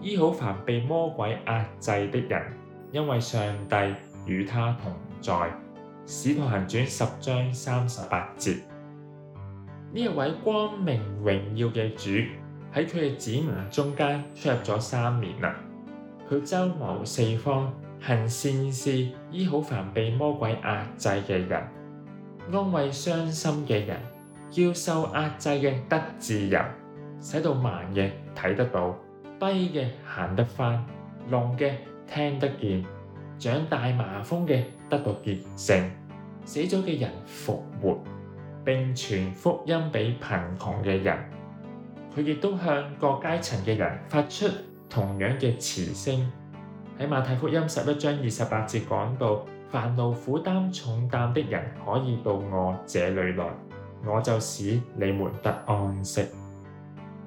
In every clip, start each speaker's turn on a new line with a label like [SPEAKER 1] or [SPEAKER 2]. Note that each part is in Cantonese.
[SPEAKER 1] 醫好凡被魔鬼壓制的人，因為上帝與他同在，《使徒行傳》十章三十八節。呢位光明榮耀嘅主喺佢嘅子民中間出入咗三年啦，佢周遊四方，行善事，醫好凡被魔鬼壓制嘅人，安慰傷心嘅人，要受壓制嘅得自由，使到盲嘅睇得到。跛嘅行得返，聾嘅聽得見，長大麻風嘅得到潔淨，死咗嘅人復活，並傳福音俾貧窮嘅人。佢亦都向各階層嘅人發出同樣嘅慈聲。喺馬太福音十一章二十八節講到：「煩惱、負擔、重擔的人可以到我這裏來，我就使你們得安息。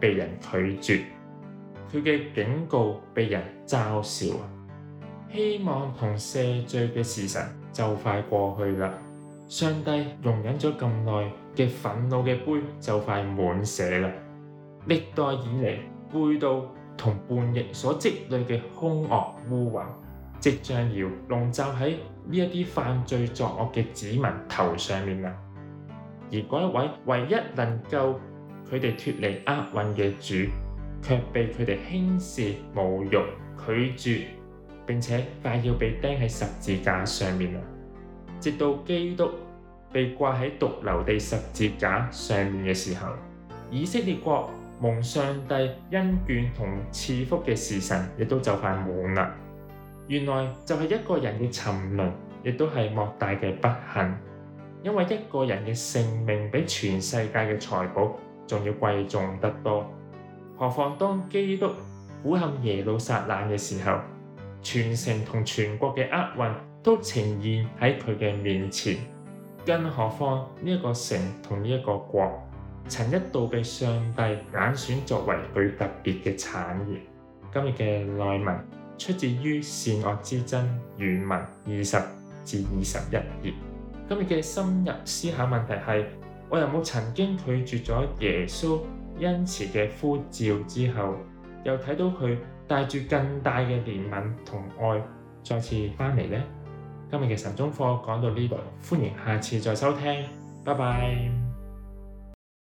[SPEAKER 1] 被人拒絕，佢嘅警告被人嘲笑啊！希望同赦罪嘅時辰就快過去啦。上帝容忍咗咁耐嘅憤怒嘅杯就快滿瀉啦。歷代以嚟背道同叛逆所積累嘅兇惡污穢，即將要籠罩喺呢一啲犯罪作惡嘅子民頭上面啦。而嗰一位唯一能夠佢哋脫離厄運嘅主，卻被佢哋輕視、侮辱、拒絕，並且快要被釘喺十字架上面啦。直到基督被掛喺髑髏地十字架上面嘅時候，以色列國蒙上帝恩眷同賜福嘅時辰，亦都就快滿啦。原來就係一個人嘅沉淪，亦都係莫大嘅不幸，因為一個人嘅性命比全世界嘅財寶，仲要貴重得多，何況當基督苦候耶路撒冷嘅時候，全城同全國嘅厄運都呈現喺佢嘅面前。更何況呢一個城同呢一個國，曾一度被上帝揀選作為最特別嘅產業。今日嘅內文出自於《善惡之爭》原文二十至二十一頁。今日嘅深入思考問題係。我有冇曾經拒絕咗耶穌恩慈嘅呼召之後，又睇到佢帶住更大嘅憐憫同愛再次返嚟呢？今日嘅晨鐘課講到呢、這、度、個，歡迎下次再收聽，拜拜。